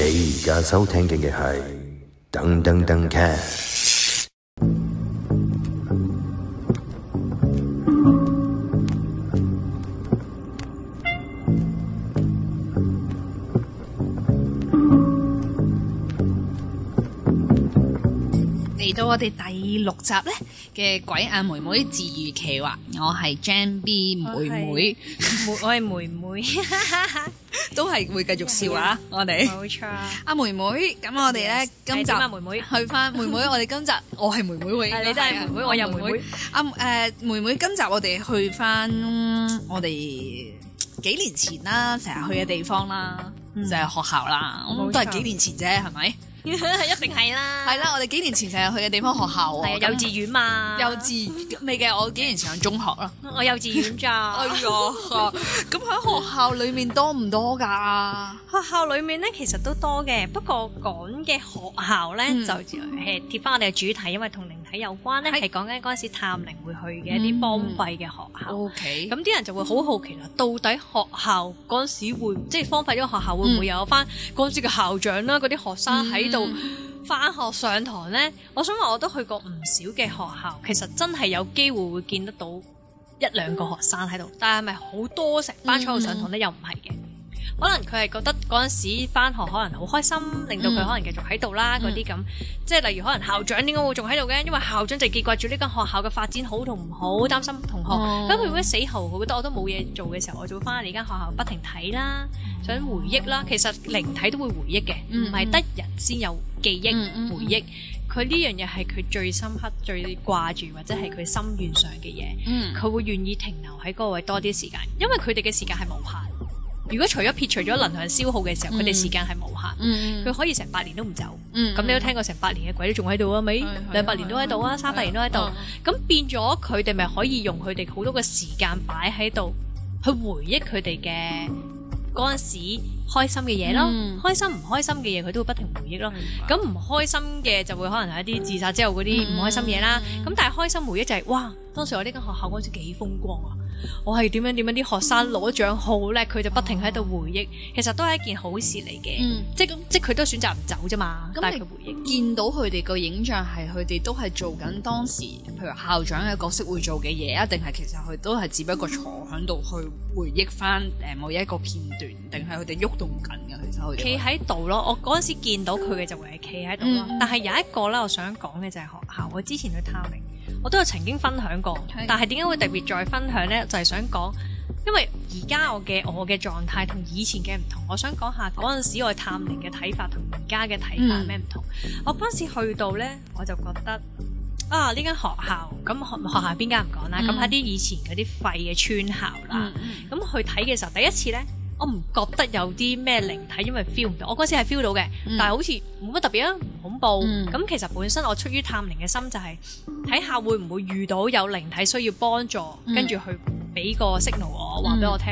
你而家收聽嘅係噔噔噔 cast。嚟到我哋第六集咧嘅鬼眼妹妹治愈奇話，我係 Jen B 妹妹，我係妹妹。都係會繼續笑啊！的我哋冇錯，阿錯妹妹，咁我哋咧今集阿妹妹去翻 妹妹，我哋今集我係妹妹會你都係妹妹，我有 妹妹啊誒，妹妹今集我哋去翻我哋幾年前啦，成日、嗯、去嘅地方啦，就係、嗯、學校啦，錯嗯、都係幾年前啫，係咪？係 一定係啦，係 啦，我哋幾年前成日去嘅地方學校啊、喔 嗯，幼稚園嘛， 幼稚未園嘅，我幾年前中學啦，我幼稚園咋？哎呀，咁喺學校裏面多唔多噶、啊？學校裏面咧其實都多嘅，不過講嘅學校咧、嗯、就係貼翻我哋嘅主題，因為同靈體有關咧，係講緊嗰陣時探靈會去嘅一啲荒廢嘅學校。O K，咁啲人就會好好奇啦，嗯、到底學校嗰陣時會即係荒廢咗個學校會唔會有翻嗰陣時嘅校長啦？嗰啲學生喺度、嗯。嗯翻學、mm hmm. 上堂呢，我想話我都去過唔少嘅學校，其實真係有機會會見得到一兩個學生喺度，但係咪好多成班喺度上堂呢？又唔係嘅。可能佢係覺得嗰陣時翻學可能好開心，嗯、令到佢可能繼續喺度啦嗰啲咁，嗯、那那即係例如可能校長點解會仲喺度嘅？因為校長就係記掛住呢間學校嘅發展好同唔好，擔心同學。咁、嗯、如果死後多，我覺得我都冇嘢做嘅時候，我就會翻嚟間學校不停睇啦，想回憶啦。嗯、其實靈體都會回憶嘅，唔係得人先有記憶、嗯、回憶。佢呢樣嘢係佢最深刻、最掛住或者係佢心願上嘅嘢，佢、嗯嗯、會願意停留喺嗰個位多啲時間，因為佢哋嘅時間係無限。如果除咗撇除咗能量消耗嘅時候，佢哋時間係無限，佢可以成百年都唔走。咁你都聽過成百年嘅鬼都仲喺度啊，咪兩百年都喺度啊，三百年都喺度。咁變咗佢哋咪可以用佢哋好多嘅時間擺喺度，去回憶佢哋嘅嗰陣時開心嘅嘢咯，開心唔開心嘅嘢佢都會不停回憶咯。咁唔開心嘅就會可能係一啲自殺之後嗰啲唔開心嘢啦。咁但係開心回憶就係哇，當時我呢間學校好似幾風光啊！我係點樣點樣啲學生攞獎好叻，佢就不停喺度回憶，啊、其實都係一件好事嚟嘅，嗯、即係即係佢都選擇唔走啫嘛。咁但你 回憶見到佢哋個影像係，佢哋都係做緊當時，譬如校長嘅角色會做嘅嘢，一定係其實佢都係只不過坐響度去回憶翻誒某一個片段，定係佢哋喐動緊嘅。其實佢企喺度咯，我嗰陣時見到佢嘅就係企喺度，嗯、但係有一個啦，我想講嘅就係學校，我之前去探。我都有曾經分享過，但係點解會特別再分享呢？就係、是、想講，因為而家我嘅我嘅狀態同以前嘅唔同，我想講下嗰陣時我探靈嘅睇法同而家嘅睇法有咩唔同。嗯、我嗰時去到呢，我就覺得啊，呢間學校咁學學校邊間唔講啦，咁喺啲以前嗰啲廢嘅村校啦，咁、嗯、去睇嘅時候第一次呢。我唔覺得有啲咩靈體，因為 feel 唔到。我嗰陣時係 feel 到嘅，但係好似冇乜特別啊，唔恐怖。咁其實本身我出於探靈嘅心，就係睇下會唔會遇到有靈體需要幫助，跟住去俾個 signal 我，話俾我聽，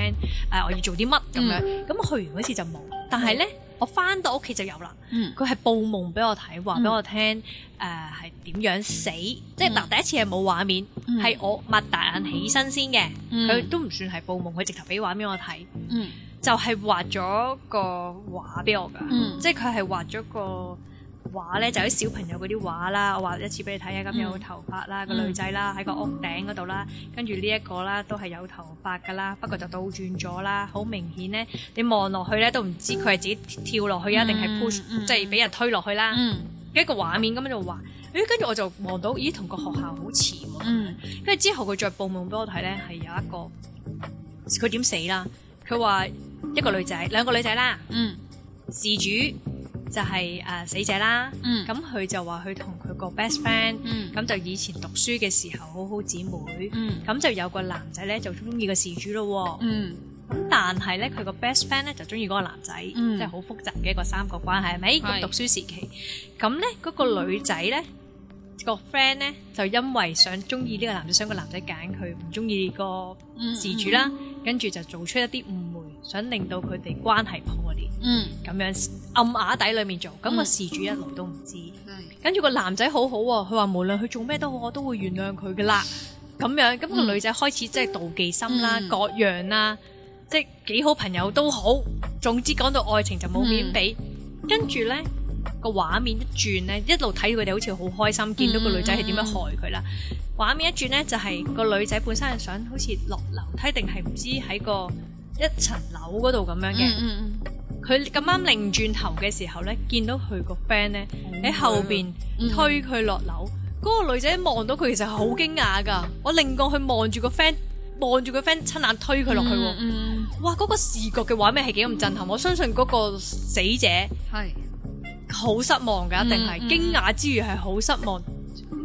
誒我要做啲乜咁樣。咁去完嗰次就冇，但係咧我翻到屋企就有啦。佢係報夢俾我睇，話俾我聽，誒係點樣死？即係第一次係冇畫面，係我擘大眼起身先嘅。佢都唔算係報夢，佢直頭俾畫俾我睇。就係畫咗個畫俾我噶，嗯、即係佢係畫咗個畫咧，就啲、是、小朋友嗰啲畫啦。我畫一次俾你睇下，咁有頭髮啦，個、嗯、女仔啦，喺個屋頂嗰度啦，跟住呢一個啦，都係有頭髮噶啦，不過就倒轉咗啦，好明顯咧，你望落去咧都唔知佢係自己跳落去啊，定係 push 即係俾人推落去啦。嗯、一個畫面咁樣就畫咦，就咦，跟住我就望到咦，同個學校好似喎。跟住、嗯、之後佢再報夢俾我睇咧，係有一個佢點死啦。佢話。一個女仔，兩個女仔啦。嗯，事主就係、是、誒、呃、死者啦。嗯，咁佢就話佢同佢個 best friend 嗯。嗯，咁就以前讀書嘅時候好好姊妹。嗯，咁就有個男仔咧就中意個事主咯。嗯，咁但係咧佢個 best friend 咧就中意嗰個男仔。嗯、即係好複雜嘅一個三角關係係咪？咁是讀書時期，咁咧嗰個女仔咧、嗯、個 friend 咧就因為想中意呢個男仔，想個男仔揀佢，唔中意個事主啦。嗯嗯跟住就做出一啲誤會，想令到佢哋關係破裂。嗯，咁樣暗啞底裏面做，咁個事主一路都唔知。跟住個男仔好好喎，佢話無論佢做咩都好，我都會原諒佢噶啦。咁樣，咁個女仔開始即係妒忌心啦，各樣啦，即係幾好朋友都好，總之講到愛情就冇面畀。跟住呢。個畫面一轉咧，一路睇佢哋好似好開心，見到個女仔係點樣害佢啦。畫面一轉咧，就係、是、個女仔本身係想好似落樓梯，定係唔知喺個一層樓嗰度咁樣嘅。佢咁啱擰轉頭嘅時候咧，見到佢個 friend 咧喺後邊推佢落樓。嗰個女仔望到佢，其實好驚訝噶。我擰過去望住個 friend，望住個 friend，親眼推佢落去。嗯，哇，嗰、嗯嗯、個視覺嘅畫面係幾咁震撼。我相信嗰個死者係。嗯嗯好失望噶，一定係驚訝之餘係好失望，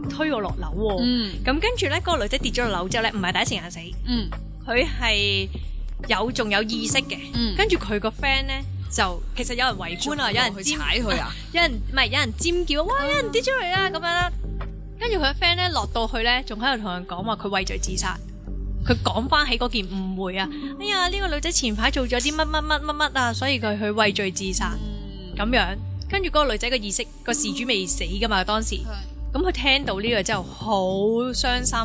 推我落樓。咁跟住咧，嗰個女仔跌咗落樓之後咧，唔係第一時間死。佢係有仲有意識嘅。跟住佢個 friend 咧，就其實有人圍觀啊，有人去踩佢啊，有人唔係，有人尖叫，哇！有人跌出嚟啊，咁樣。跟住佢個 friend 咧，落到去咧，仲喺度同人講話，佢畏罪自殺。佢講翻起嗰件誤會啊，哎呀，呢個女仔前排做咗啲乜乜乜乜乜啊，所以佢去畏罪自殺咁樣。跟住嗰個女仔嘅意識，個事主未死㗎嘛？當時咁佢聽到呢個之後，好傷心，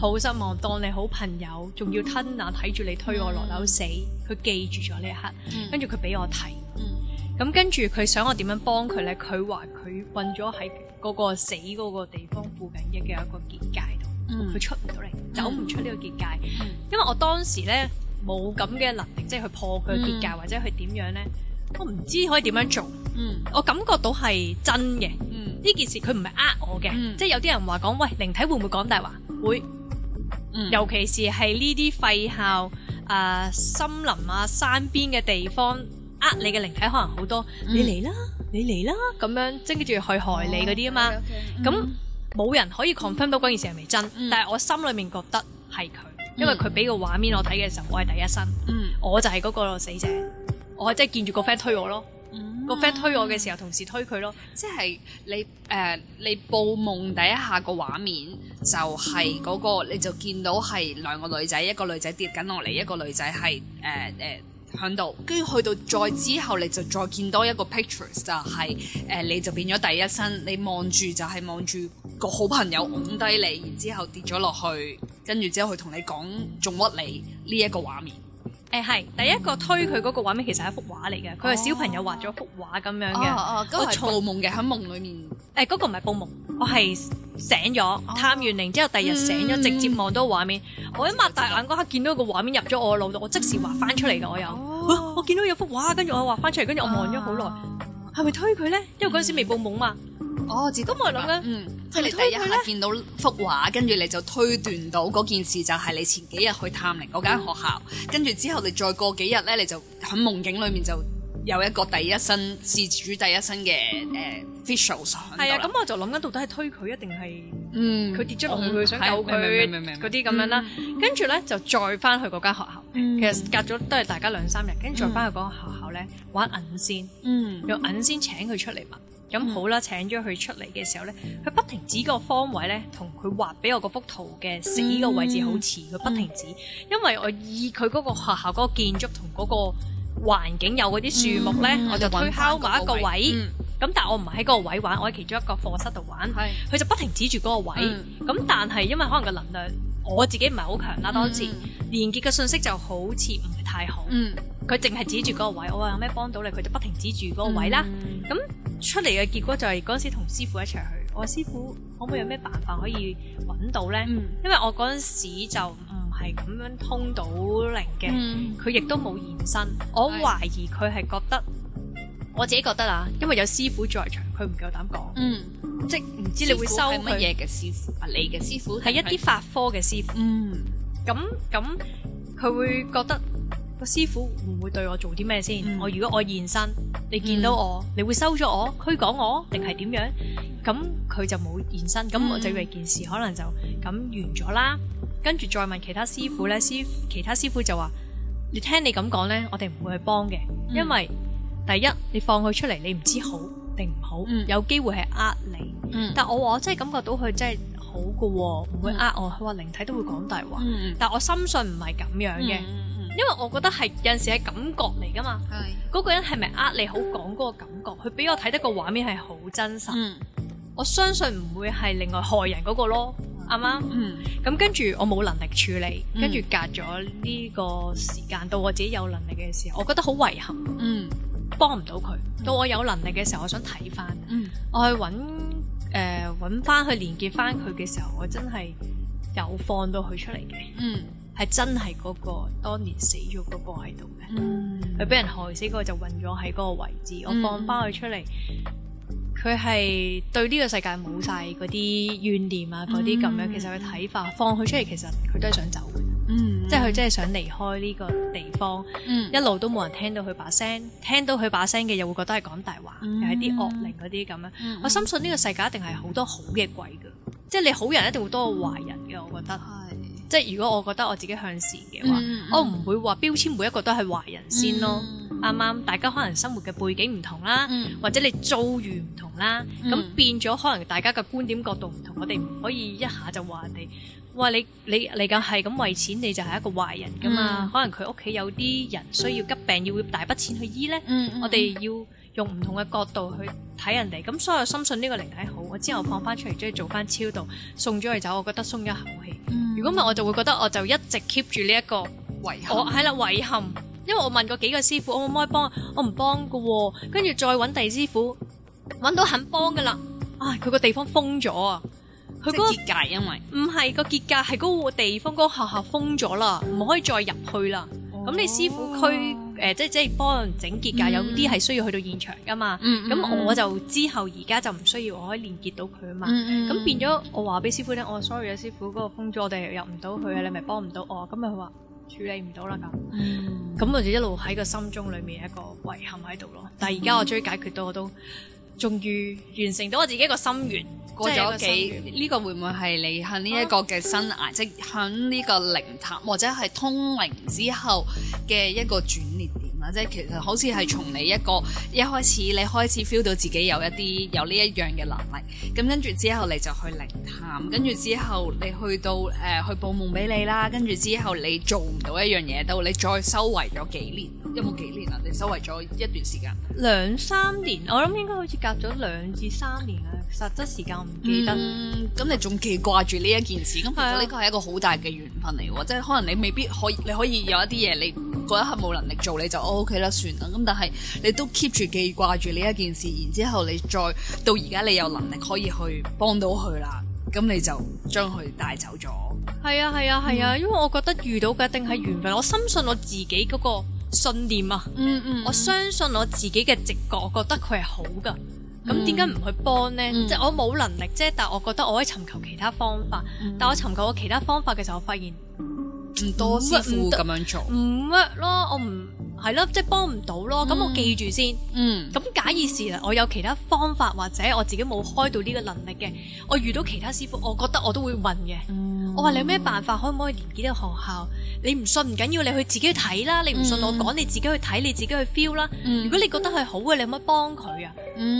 好失望。當你好朋友，仲要吞眼睇住你推我落樓死，佢記住咗呢一刻。跟住佢俾我睇。咁，跟住佢想我點樣幫佢咧？佢話佢困咗喺嗰個死嗰個地方附近嘅嘅一個結界度，佢出唔到嚟，走唔出呢個結界，因為我當時咧冇咁嘅能力，即係去破佢嘅結界或者去點樣咧，我唔知可以點樣做。嗯，我感覺到係真嘅，嗯，呢件事佢唔係呃我嘅，即係有啲人話講，喂，靈體會唔會講大話？會，嗯，尤其是係呢啲廢校、啊、森林啊、山邊嘅地方，呃，你嘅靈體可能好多，你嚟啦，你嚟啦，咁樣，即係跟住去害你啲啊嘛。咁冇人可以 confirm 到件事係咪真，但係我心裏面覺得係佢，因為佢俾個畫面我睇嘅時候，我係第一身，嗯，我就係個死者，我係即係見住個 friend 推我咯。個 friend、嗯、推我嘅時候，同時推佢咯，即係你誒、呃，你報夢底下個畫面就係、是、嗰、那個，你就見到係兩個女仔，一個女仔跌緊落嚟，一個女仔係誒誒響度，跟、呃、住、呃、去到再之後，你就再見多一個 pictures 就係、是、誒、呃，你就變咗第一身，你望住就係望住個好朋友推低你，然後之後跌咗落去，跟住之後佢同你講仲屈你呢一、這個畫面。誒，係第一個推佢嗰個畫面，其實係一幅畫嚟嘅。佢係小朋友畫咗幅畫咁樣嘅，我報夢嘅喺夢裏面。誒，嗰個唔係報夢，我係醒咗，探完靈之後，第二日醒咗，直接望到畫面。我一擘大眼嗰刻，見到個畫面入咗我腦度，我即時畫翻出嚟嘅。我又，我見到有幅畫，跟住我畫翻出嚟，跟住我望咗好耐。係咪推佢咧？因為嗰陣時未報夢嘛。哦，咁係咁嘅。即係你第一下見到幅畫，跟住你就推斷到嗰件事就係你前幾日去探嚟嗰間學校，跟住之後你再過幾日咧，你就喺夢境裏面就有一個第一身，事主第一身嘅誒 faces。係、呃、啊，咁的、嗯、我就諗緊到底係推佢，一定係嗯，佢跌咗落去，想救佢嗰啲咁樣啦。跟住咧就再翻去嗰間學校，嗯、其實隔咗都係大家兩三日，跟住再翻去嗰間學校咧玩銀仙，嗯、用銀仙請佢出嚟問。咁好啦，請咗佢出嚟嘅時候咧，佢不停指個方位咧，同佢畫俾我嗰幅圖嘅死個位置好似，佢不停指，因為我以佢嗰個學校嗰個建築同嗰個環境有嗰啲樹木咧，嗯、我就推敲某一個位。咁、嗯、但係我唔喺嗰個位玩，我喺其中一個課室度玩。佢是就不停指住嗰個位。咁、嗯、但係因為可能個能量。我自己唔係好強啦，嗯、當時連結嘅信息就好似唔係太好，佢淨係指住嗰個位，嗯、我話有咩幫到你？佢就不停指住嗰個位啦。咁、嗯、出嚟嘅結果就係嗰陣時同師傅一齊去，我話師傅可唔可以有咩辦法可以揾到咧？嗯、因為我嗰陣時就唔係咁樣通到靈嘅，佢亦都冇延伸，嗯、我懷疑佢係覺得。我自己覺得啊，因為有師傅在場，佢唔夠膽講。嗯，即唔知你會收乜嘢嘅師傅。你嘅師傅係一啲法科嘅師傅。嗯，咁咁，佢會覺得個師傅唔會對我做啲咩先？我如果我現身，你見到我，你會收咗我，驅趕我，定係點樣？咁佢就冇現身，咁我就以為件事可能就咁完咗啦。跟住再問其他師傅咧，師其他師傅就話：你聽你咁講咧，我哋唔會去幫嘅，因為。第一，你放佢出嚟，你唔知好定唔好，有機會係呃你。但我話我真係感覺到佢真係好嘅，唔會呃我。佢話靈體都會講大話，但我深信唔係咁樣嘅，因為我覺得係有陣時係感覺嚟噶嘛。嗰個人係咪呃你好講嗰個感覺？佢俾我睇得個畫面係好真實，我相信唔會係另外害人嗰個咯，啱唔啱？咁跟住我冇能力處理，跟住隔咗呢個時間到我自己有能力嘅時候，我覺得好遺憾。幫唔到佢，到我有能力嘅時候，我想睇翻，嗯、我去揾誒揾翻去連結翻佢嘅時候，我真係有放到佢出嚟嘅，係、嗯、真係嗰、嗰個當年死咗嗰個喺度嘅，佢俾、嗯、人害死嗰、嗰個就運咗喺嗰個位置，我放翻佢出嚟，佢係、嗯、對呢個世界冇晒嗰啲怨念啊，嗰啲咁樣、嗯其，其實佢睇法，放佢出嚟，其實佢都係想走。嗯，即係佢真係想離開呢個地方，一路都冇人聽到佢把聲，聽到佢把聲嘅又會覺得係講大話，又係啲惡靈嗰啲咁樣。我相信呢個世界一定係好多好嘅鬼㗎，即係你好人一定會多過壞人嘅，我覺得。係，即係如果我覺得我自己向善嘅話，我唔會話標籤每一個都係壞人先咯，啱啱？大家可能生活嘅背景唔同啦，或者你遭遇唔同啦，咁變咗可能大家嘅觀點角度唔同，我哋唔可以一下就話人哋。哇你你你梗係咁為錢，你就係一個壞人噶嘛？嗯啊、可能佢屋企有啲人需要急病，嗯、要大筆錢去醫咧。嗯嗯，我哋要用唔同嘅角度去睇人哋。咁所以我深信呢個靈體好，我之後放翻出嚟，即係、嗯、做翻超度，送咗佢走，我覺得鬆一口氣。如果唔係，我就會覺得我就一直 keep 住呢一個遺憾。我係啦，遺憾，因為我問過幾個師傅，我可唔可以幫？我唔幫嘅喎。跟住再搵第二師傅，搵到肯幫嘅啦。啊，佢個地方封咗啊！佢、那個、個結界，因為唔係個結界，係嗰個地方嗰個學校封咗啦，唔、嗯、可以再入去啦。咁、嗯、你師傅佢誒、呃、即係即係幫人整結界，嗯、有啲係需要去到現場㗎嘛。咁、嗯嗯、我就之後而家就唔需要，我可以連結到佢啊嘛。咁、嗯嗯、變咗我話俾師傅聽、oh, 那個，我話 sorry 啊，師傅嗰個封咗，我哋入唔到去啊，你咪幫唔到我。咁佢話處理唔到啦咁。咁我、嗯、就一路喺個心中裏面一個遺憾喺度咯。但係而家我終於解決到我都。終於完成到我自己一個心願。過咗幾年，呢個會唔會係你喺呢一個嘅生涯，oh. 即係響呢個靈探或者係通靈之後嘅一個轉捩點啊？即係其實好似係從你一個、oh. 一開始你開始 feel 到自己有一啲有呢一樣嘅能力，咁跟住之後你就去靈探，跟住之後你去到誒、呃、去報夢俾你啦，跟住之後你做唔到一樣嘢，到你再收圍咗幾年。有冇幾年啊？你收圍咗一段時間，兩三年，我諗應該好似隔咗兩至三年啊。實質時間唔記得，嗯。咁你仲記掛住呢一件事，咁係、啊、其實呢個係一個好大嘅緣分嚟，即係可能你未必可以，你可以有一啲嘢你嗰一刻冇能力做，你就 O K 啦，算啦。咁但係你都 keep 住記掛住呢一件事，然之後你再到而家，你有能力可以去幫到佢啦，咁你就將佢帶走咗。係啊，係啊，係啊，啊，因為我覺得遇到嘅一定係緣分、嗯、分。我深信我自己嗰，那個。信念啊！嗯嗯、我相信我自己嘅直覺，我覺得佢係好噶。咁點解唔去幫咧？嗯、即係我冇能力啫，但係我覺得我可以尋求其他方法。嗯、但我尋求我其他方法嘅時候，我發現唔、嗯、多師傅咁多樣做，唔 work 咯，我唔。係咯，即係幫唔到咯。咁我記住先。嗯。咁假以時啦，我有其他方法，或者我自己冇開到呢個能力嘅，我遇到其他師傅，我覺得我都會問嘅。嗯。我話你有咩辦法，可唔可以連結呢個學校？你唔信唔緊要，你去自己睇啦。你唔信我講，你自己去睇，你自己去 feel 啦。嗯。如果你覺得係好嘅，你可唔可以幫佢啊？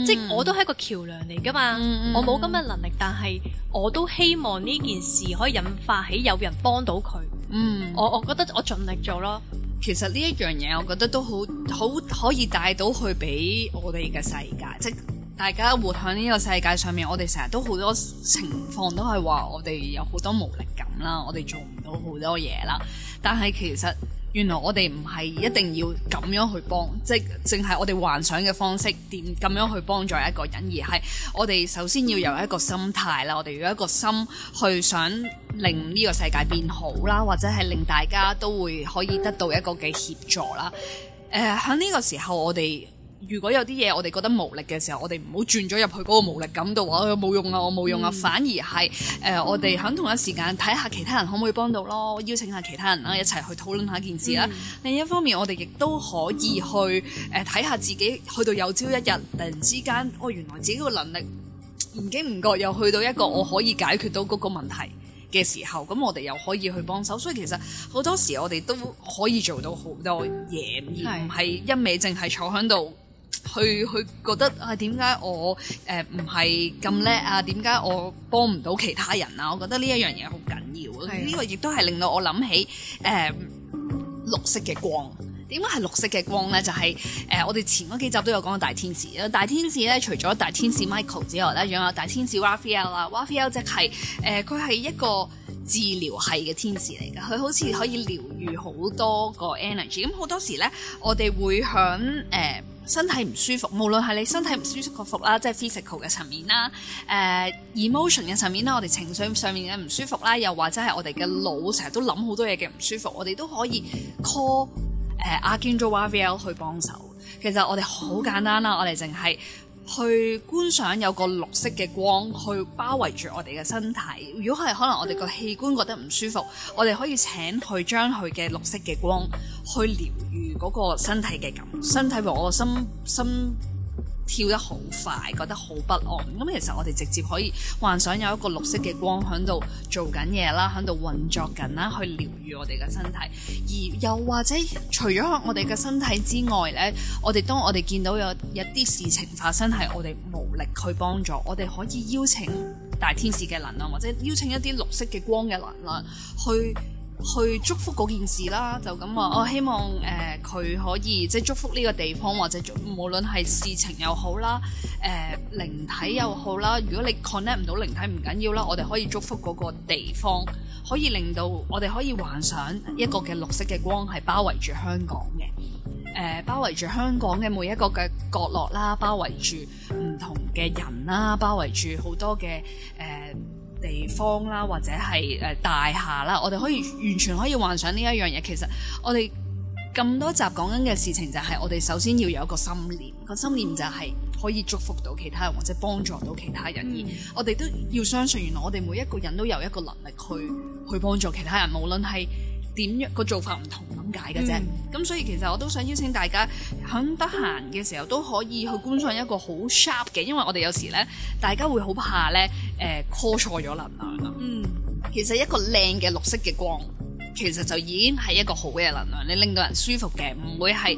即係我都係一個橋梁嚟噶嘛。嗯嗯。我冇咁嘅能力，但係我都希望呢件事可以引發起有人幫到佢。嗯。我我覺得我盡力做咯。其實呢一樣嘢，我覺得都好好可以帶到去俾我哋嘅世界，即係大家活喺呢個世界上面，我哋成日都好多情況都係話我哋有好多無力感啦，我哋做唔到好多嘢啦，但係其實，原來我哋唔係一定要咁樣去幫，即係淨係我哋幻想嘅方式點咁樣去幫助一個人，而係我哋首先要有一個心態啦，我哋要有一個心去想令呢個世界變好啦，或者係令大家都會可以得到一個嘅協助啦。誒、呃，喺呢個時候我哋。如果有啲嘢我哋覺得無力嘅時候，我哋唔好轉咗入去嗰個無力感度話，我冇用啊，我冇用啊。嗯、反而係誒、呃，我哋喺同一時間睇下其他人可唔可以幫到咯，邀請下其他人啦，一齊去討論下件事啦。嗯、另一方面，我哋亦都可以去誒睇下自己，去到有朝一日突然之間，我、哦、原來自己個能力唔經唔覺又去到一個我可以解決到嗰個問題嘅時候，咁、嗯、我哋又可以去幫手。所以其實好多時我哋都可以做到好多嘢，而唔係一味淨係坐響度。去去覺得啊，點解我誒唔係咁叻啊？點解我幫唔到其他人啊？我覺得呢一樣嘢好緊要呢、啊、呢個亦都係令到我諗起誒、呃、綠色嘅光點解係綠色嘅光咧？就係、是、誒、呃、我哋前嗰幾集都有講大天使啊！大天使咧，除咗大天使 Michael 之外咧，仲有大天使 Raphael 啦、啊。Raphael 即、就、係、是、誒佢、呃、係一個治療系嘅天使嚟嘅，佢好似可以療愈好多個 energy、嗯。咁好多時咧，我哋會響誒。呃身體唔舒服，無論係你身體唔舒服個服啦，即係 physical 嘅層面啦，誒、呃、emotion 嘅層面啦，我哋情緒上面嘅唔舒服啦，又或者係我哋嘅腦成日都諗好多嘢嘅唔舒服，我哋都可以 call 誒、呃、Archangel Raphael 去幫手。其實我哋好簡單啦，我哋淨係。去觀賞有個綠色嘅光，去包圍住我哋嘅身體。如果係可能我哋個器官覺得唔舒服，我哋可以請佢將佢嘅綠色嘅光去療愈嗰個身體嘅感。身體和我心心。心跳得好快，覺得好不安。咁、嗯、其實我哋直接可以幻想有一個綠色嘅光喺度做緊嘢啦，喺度運作緊啦，去療愈我哋嘅身體。而又或者，除咗我哋嘅身體之外呢，我哋當我哋見到有一啲事情發生係我哋無力去幫助，我哋可以邀請大天使嘅能量，或者邀請一啲綠色嘅光嘅能量去。去祝福嗰件事啦，就咁話，我希望誒佢、呃、可以即係祝福呢個地方，或者無論係事情又好啦，誒、呃、靈體又好啦，如果你 connect 唔到靈體唔緊要啦，我哋可以祝福嗰個地方，可以令到我哋可以幻想一個嘅綠色嘅光係包圍住香港嘅，誒、呃、包圍住香港嘅每一個嘅角落啦，包圍住唔同嘅人啦，包圍住好多嘅誒。呃地方啦，或者係誒大廈啦，我哋可以完全可以幻想呢一樣嘢。其實我哋咁多集講緊嘅事情，就係我哋首先要有一個心念，個心念就係可以祝福到其他人或者幫助到其他人。嗯、而我哋都要相信，原來我哋每一個人都有一個能力去去幫助其他人，無論係點樣個做法唔同咁解嘅啫。咁、嗯、所以其實我都想邀請大家響得閒嘅時候都可以去觀賞一個好 sharp 嘅，因為我哋有時咧，大家會好怕咧。誒，call 錯咗能量啦。嗯，其實一個靚嘅綠色嘅光，其實就已經係一個好嘅能量，你令到人舒服嘅，唔會係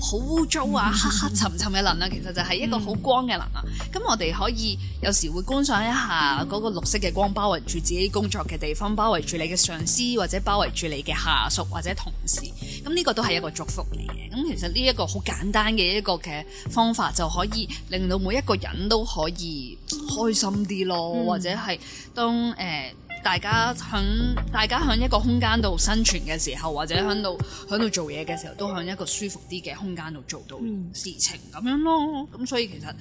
好污糟啊，嗯、黑黑沉沉嘅能量，其實就係一個好光嘅能量。咁、嗯、我哋可以有時會觀賞一下嗰個綠色嘅光，包圍住自己工作嘅地方，包圍住你嘅上司或者包圍住你嘅下屬或者同事。咁呢個都係一個祝福嚟嘅。咁、嗯、其實呢一個好簡單嘅一個嘅方法，就可以令到每一個人都可以。開心啲咯，嗯、或者係當誒、呃、大家響大家響一個空間度生存嘅時候，或者響度響度做嘢嘅時候，都響一個舒服啲嘅空間度做到事情咁、嗯、樣咯。咁所以其實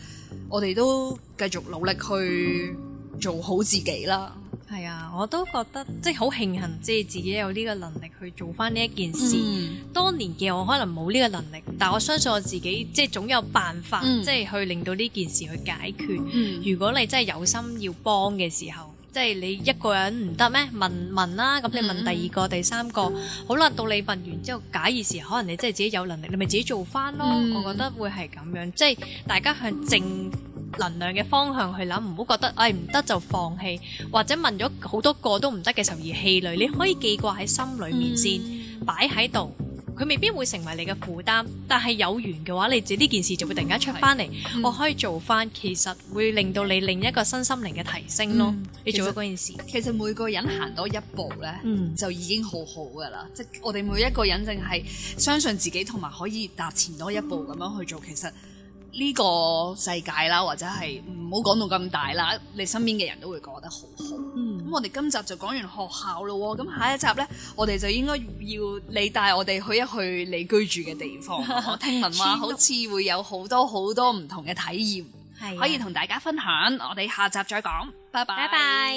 我哋都繼續努力去做好自己啦。係啊，我都覺得即係好慶幸，即係自己有呢個能力去做翻呢一件事。嗯、當年嘅我可能冇呢個能力，但我相信我自己即係總有辦法，嗯、即係去令到呢件事去解決。嗯、如果你真係有心要幫嘅時候，即係你一個人唔得咩？問問啦，咁你問第二個、第三個，嗯、好啦，到你問完之後，假以時，可能你真係自己有能力，你咪自己做翻咯。嗯、我覺得會係咁樣，即係大家向正，正正能量嘅方向去諗，唔好覺得唉，唔得就放棄，或者問咗好多個都唔得嘅時候而氣餒，你可以記掛喺心裏面先，擺喺度，佢未必會成為你嘅負擔，但係有緣嘅話，你自呢件事就會突然間出翻嚟，嗯、我可以做翻，其實會令到你另一個身心靈嘅提升咯。嗯、你做咗嗰件事，其實每個人行多一步咧，嗯，就已經好好噶啦，即係我哋每一個人淨係相信自己，同埋可以踏前多一步咁樣去做，其實。呢個世界啦，或者係唔好講到咁大啦，你身邊嘅人都會覺得好好。咁、嗯、我哋今集就講完學校咯喎，咁下一集呢，我哋就應該要你帶我哋去一去你居住嘅地方。 我聽聞話好似會有好多好多唔同嘅體驗， 啊、可以同大家分享。我哋下集再講，拜拜。拜拜。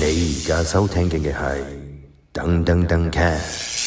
你而家收聽見嘅收聽緊嘅係噔噔噔 c